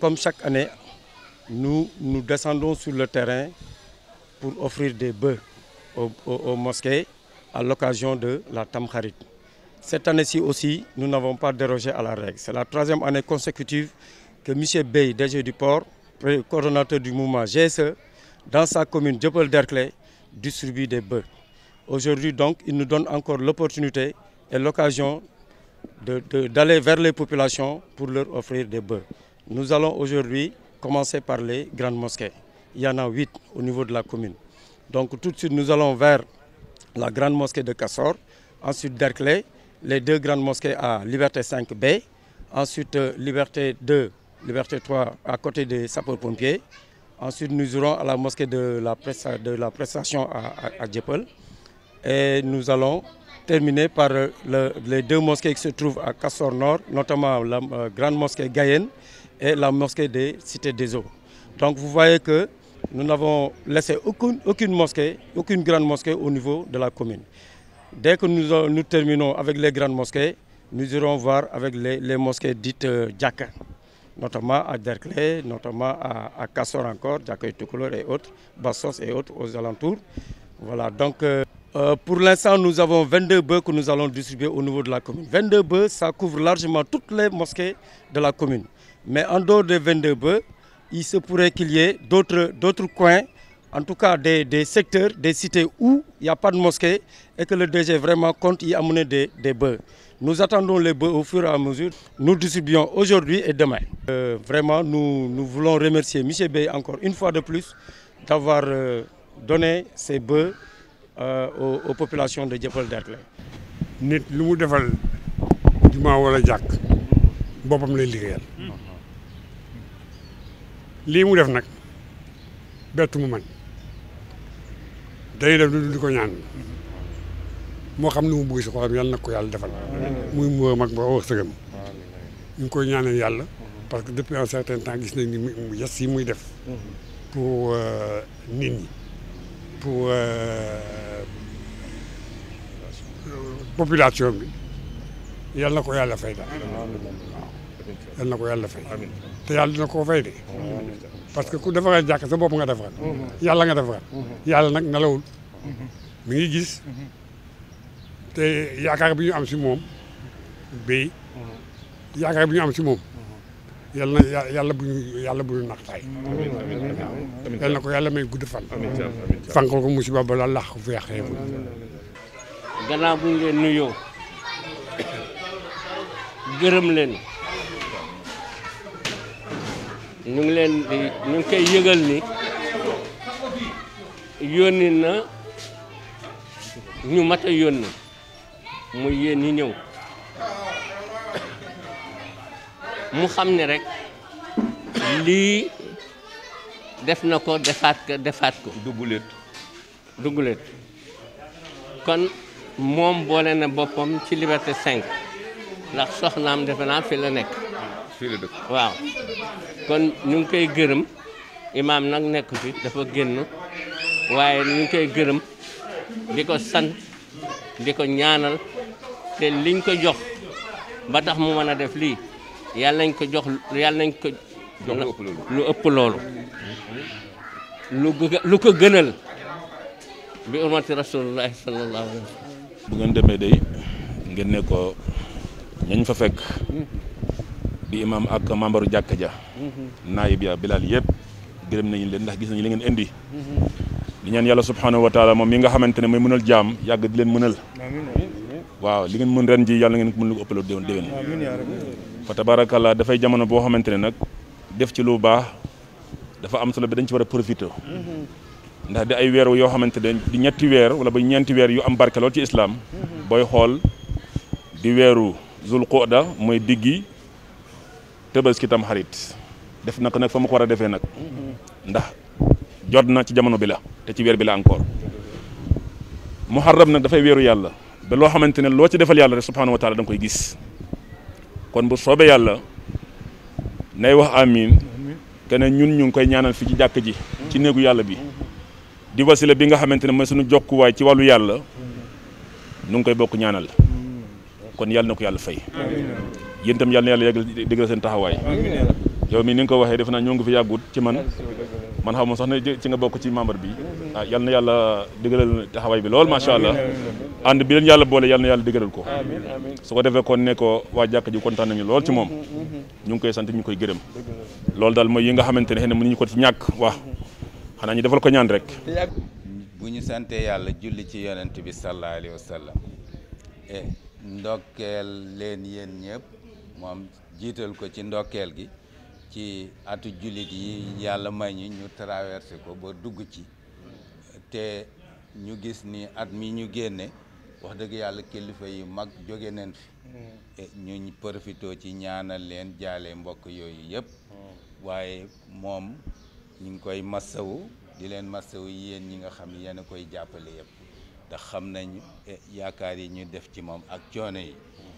Comme chaque année, nous, nous descendons sur le terrain pour offrir des bœufs aux, aux, aux mosquées à l'occasion de la Tamkharit. Cette année-ci aussi, nous n'avons pas dérogé à la règle. C'est la troisième année consécutive que M. Bey, DG du port, coordonnateur du mouvement GSE, dans sa commune dieuppeul derklé distribue des bœufs. Aujourd'hui donc, il nous donne encore l'opportunité et l'occasion d'aller de, de, vers les populations pour leur offrir des bœufs. Nous allons aujourd'hui commencer par les grandes mosquées. Il y en a huit au niveau de la commune. Donc tout de suite, nous allons vers la grande mosquée de Cassor, ensuite Derklé, les deux grandes mosquées à Liberté 5B, ensuite euh, Liberté 2, Liberté 3 à côté des sapeurs-pompiers. Ensuite, nous irons à la mosquée de la, de la prestation à, à, à Djepel. Et nous allons terminer par euh, le, les deux mosquées qui se trouvent à Cassor Nord, notamment la euh, grande mosquée Gaïenne et la mosquée des Cités des Eaux. Donc vous voyez que nous n'avons laissé aucune, aucune mosquée, aucune grande mosquée au niveau de la commune. Dès que nous, euh, nous terminons avec les grandes mosquées, nous irons voir avec les, les mosquées dites euh, Djaka, notamment à Derklé, notamment à, à Kassor encore, Djaka et Tukulor et autres, Bassos et autres aux alentours. Voilà, donc euh, euh pour l'instant, nous avons 22 bœufs que nous allons distribuer au niveau de la commune. 22 bœufs, ça couvre largement toutes les mosquées de la commune. Mais en dehors des 22 bœufs, il se pourrait qu'il y ait d'autres coins, en tout cas des, des secteurs, des cités où il n'y a pas de mosquée et que le DG vraiment compte y amener des, des bœufs. Nous attendons les bœufs au fur et à mesure. Nous distribuons aujourd'hui et demain. Euh, vraiment, nous, nous, voulons remercier M. Bey encore une fois de plus d'avoir euh, donné ces bœufs euh, aux, populations de Djepel d'Erclay. nit lu mu defal jumaa wala jàkk boppam lay liggéeyal lii mu def nag bettu mu man day def lu di ko ñaan moo xam lu mu bëgg si xolam yàlla na ko yàlla defal muy mu mag ba wax sëgam ngi koy ñaan yàlla parce que depuis un certain temps gis nañ ni mu yes yi muy def pour euh, nit ñi pour euh, population bi yàlla na ko yàlla fay daal yal na ko yàlla fay te yàlla na ko fay de parce que ku defaree jàkk sa bopp nga defaral yàlla nga defaral yàlla nag nelawul mi ngi gis te yaakaar bi ñu am si moom béy yaakaar bi ñu am si moom yàlla na yàlla bu ñu yàlla bu ñu naxtaay yàlla na ko yàlla may gudd fan fankal ko musiba ba la lax ko fi yàqee gannaaw bu ñu leen nuyoo gërëm leen ñu ngi leen di ñu ngi koy yëgal ni yónni na ñu mat a yónni mu yéen ñi ñëw mu xam ne rek lii def na ko defaat ko defaat ko. dugguleet dugguleet kon moom boole na boppam ci liberte 5 ndax soxnaam defe naa fi la nekk. fii waaw kon ñu ngi koy gërëm imaam nag nekk fi dafa génn waaye ñu ngi koy gërëm di ko sant di ko ñaanal te liñ ko jox ba tax mu mën a def lii yàlla nañ ko jox nañ ko lu ëpp loolu lu ko gënal bi urmati rasulullahi sallallahu alayhi wa demee day ngeen ne ko ñañ fa fekk di imam ak membaru jàkka ja mhm. naayib ya bilaal yëpp gërëm nañu leen ndax gis nañu li ngeen indi mhm. di ñaan yàlla subhanahu wa taala moom mi nga xamante ne mooy mënal jaam yàgg di leen mënal waaw li ngeen mën ren ji yàlla ngeen mën lu ko ëppaloo déwén déwén fa tabarakallah dafay jamono boo xamante nag def ci lu baax dafa am solo bi dañ ci war a profité mhm. ndax di ay weer yoo xamante di ñetti weer wala ba ñeenti weer yu am barke lool ci islam booy xool tabaski tam xarit def nag nag fa mu ko war a defee nag ndax jot na ci jamono bi la te ci weer bi la encore muharram nag dafay weeru yàlla ba loo xamante ne loo ci defal yàlla rek subhanahu wa taala koy gis kon bu soobee yàlla nay wax amin kene ñun ñu ngi koy ñaanal fi ci jàkk ji ci néegu yàlla bi di wasila bi nga xamante ne mooy suñu jokkuwaay ci wàllu yàlla nu ngi koy bokk ñaanal kon yàlla na ko yàlla fay yéen itam yàlla na yàlla yàggal dëggal seen taxawaay yow mi ni nga ko waxee defe naa ñoo ngi fi yàggut ci man man xaw ma sax ne ci nga bokk ci membre bi ah yal na yàlla dëgëral taxawaay bi lool macha allah ànd bi yàlla boole yal na yàlla dëgëral ko su ko defee kon ne ko waa jàkk ji kontaan nañu lool ci moom mm-hmm, mm-hmm. ñu ngi koy sant ñu koy gërëm loolu daal mooy yi nga xamante ne xëy na mënuñu ko ci ñàkk waa mm-hmm. xanaa ñu defal ko ñaan rek. bu ñu santee yàlla julli ci yonent bi sallallahu alayhi wa sallam eh, ndokkeel leen yéen ñëpp. moom jiital ko ci ndokkeel gi ci atu jullit yi yàlla may ñi ñu traversé ko ba dugg ci te ñu gis ni at mi ñu génne wax dëgg yàlla kilifa yi mag jóge nañ fi mm. e ñu profité ci ñaanal leen jaale mbokk yooyu yëpp mm. waaye moom ñu ngi koy massawu di leen massawu yéen ñi nga xam ne yéen a koy jàppale yëpp ndax xam nañ e yaakaar yi ñu def ci moom ak coono yi mm.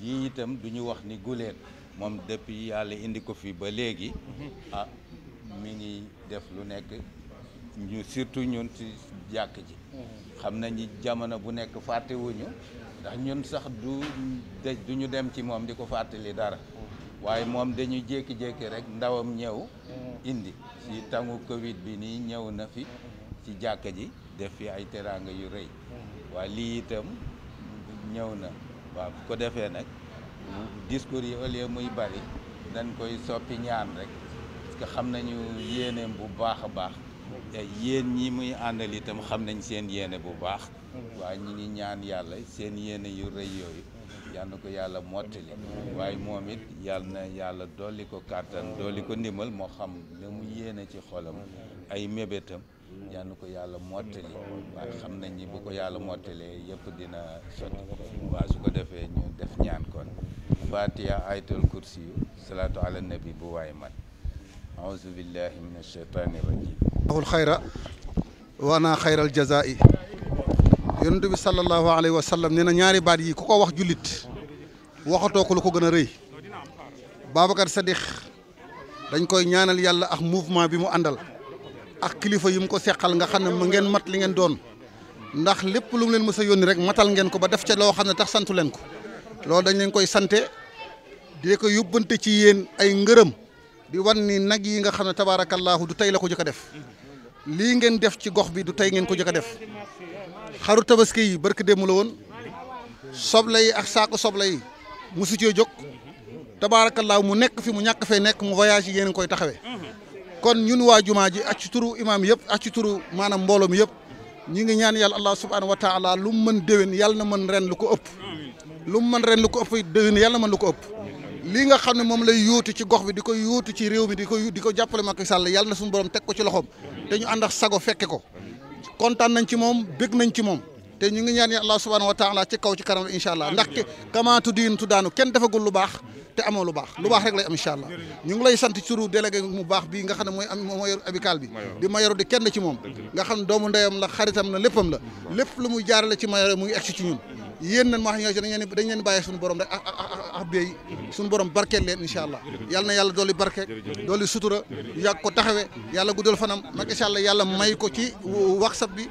lii itam du ñu wax ni guléet moom depuis yàlla indi ko fi ba léegi mhm. ah mi ngi def lu nekk ñu surtout ñun ci jàkk ji mhm. xam nañu jamono bu nekk fàttewuñu ndax ñun sax du duñu dem ci moom di ko fàttali dara mhm. waaye moom dañu jékki-jékki rek ndawam ñëw indi ci tangu Covid bi nii ñëw na fi ci jàkk ji def fi ay teraanga yu rëy waaye lii itam ñëw na waaw bu ko defee nag discours yi muy bari dañ koy soppi ñaan rek parce que xam nañu yéeneem bu baax a baax mm-hmm. yéen ñi muy àndal itam xam nañ seen yéene bu baax mm-hmm. waaye ñi ñaan yàlla seen yéene yu rëy yooyu mm-hmm. yal ko yàlla mottali waaye moom it yal na yàlla dolli ko kàttan dolli ko ndimal moo xam li mu yéene ci xolam ay mébétam yal ko yàlla mottali waaye xam nañ ni bu ko yàlla mottalee yëpp dina sotti waaw su ko defee ñu def ñaan kon fatiha ayatul kursi yu salaatu ala nabi bu waay man aouzu billahi min ashaytani wa ana xayral ñaari baat yi ku wax jullit waxatoo ko lu ko gën a rëy Babacar Sadikh dañ koy ñaanal yàlla ak mouvement bi mu àndal ak kilifa yu mu ko seqal nga xam ne ma ngeen mat li ngeen doon ndax lépp lu mu leen mës sa yónni rek matal ngeen ko ba def ca loo xam ne tax santu leen ko loolu dañ leen koy sante di ko yóbbante ci yéen ay ngërëm di wan ni nag yi nga xam ne tabaarakallaahu du tey la ko jëkk def lii ngeen def ci gox bi du tey ngeen ko jëkk a def xaru tabaski yi barke démb la woon soble yi ak saako soble yi musu cee jóg tabaarakallaahu mu nekk fi mu ñàkk fee nekk mu voyage yi yéen koy taxawee kon ñun waa jumaa ji ak ci turu imaam yëpp ak ci turu maanaam mbooloo mi yëpp ñu ngi ñaan yàlla allah subhanahu wa taala lu mu mën déwén yàlla na man ren lu ko ëpp lu mu mën ren lu ko ëpp déwén yàlla na mën lu ko ëpp lii nga xam ne moom lay yóotu ci gox bi di ko yóotu ci réew mi di ko di ko jàppale Macky Sall yàlla na suñu borom teg ko ci loxoom te ñu ànd ak sago fekke ko kontaan nañ ci moom bég nañ ci moom te ñu ngi ñaan yàlla allah subhanahu wa taala ci kaw ci kanam incha allah ndaxte kamaatu diin tu daanu kenn defagul lu baax te lu baax lu baax rek lay am incha allah ñu ngi lay sant ci turu mu baax bii nga xam ne mooy am mooy amical bi di mayor di kenn ci moom nga xam ne doomu ndeyam la xaritam la léppam la lépp lu muy jaarale ci mayor muy egsi ci ñun yéen nan maa xam ne dañ leen bàyyee suñu borom rek ak ah, ak ah, ak ah, suñu borom barkeel leen incha allah yàlla na yàlla dolli barke dolli sutura yàgg ko taxawee yàlla guddal fanam nag incha allah yàlla may ko ci whatsapp bi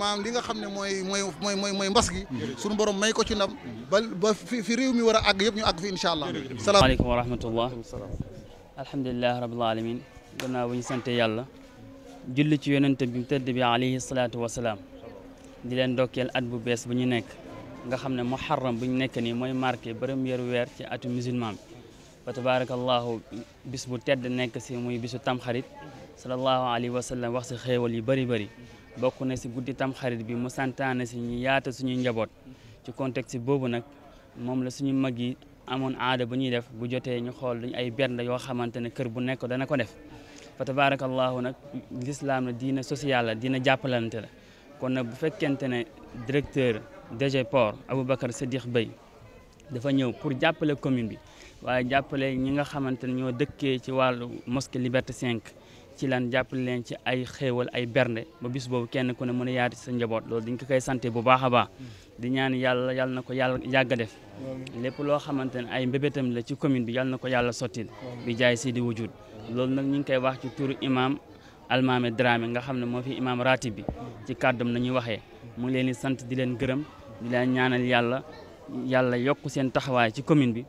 maam li nga xam ne mooy mooy mooy mooy mooy mbas gi suñu borom may ko ci ndam ba ba fi fi réew mi war a àgg yëpp ñu àgg fi incha allah salaamaaleykum wa rahmatullah alhamdulilah rabbil alamin gannaaw bu ñu sante yàlla julli ci yonente bi mu tëdd bi alayhi salaatu wasalaam di leen dokkeel at bu bees bu ñu nekk nga xam ne muharram bu ñu nekk nii mooy marqué premier weer ci atu musulman bi fa tabaarakallahu bis bu tedd nekk si muy bisu tamxarit sallallahu alayhi wa sallam wax si xéewal yu bëri bari bokk na si guddi tamxarit bi mu santaane si ñu yaata suñu njaboot ci contexte boobu nag moom la suñu mag yi amoon aada ba ñuy def bu jotee ñu xool dañ ay bernde yoo xamante ne kër bu nekk dana ko def fa tabaarakallahu nag lislaam la diina social la diina jàppalante la kon nag bu fekkente ne directeur DG Port Aboubacar Sadikh Bey dafa ñëw pour jàppale commune bi waaye jàppale ñi nga xamante ne ñoo dëkkee ci wàllu mosquée Liberté 5 ci lan jàppale leen ci ay xéewal ay bernde ba bis boobu kenn ku ne mën a yaati sa njaboot loolu dañ ko koy sante bu baax a baax di ñaan yàlla yàlla na ko yàlla yàgg a def lépp loo xamante ne ay mbébétam la ci commune bi yàlla na ko yàlla sottil bi jaay si di wujud loolu nag ñu ngi koy wax ci turu imam Almaame Dramé nga xam ne moo di leen ñaanal yàlla yàlla yokk seen taxawaay ci commune bi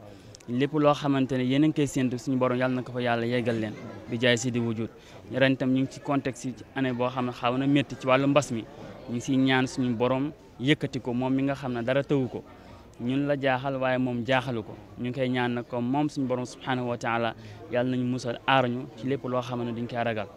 lépp loo xamante ne yéen a ngi koy séntu suñu borom yàlla na ko fa yàlla yeggal leen di jaay si di wujud ren tam ñu ngi ci contexte yi ci année boo xam ne xaw na métti ci wàllu mbas mi ñu ngi siy ñaan suñu borom yëkkati ko moom mi nga xam ne dara tëwu ko ñun la jaaxal waaye moom jaaxalu ko ñu ngi koy ñaan na comme moom suñu borom subhanahu wa taala yàlla nañu musa aar ñu ci lépp loo xam ne duñ koy ragal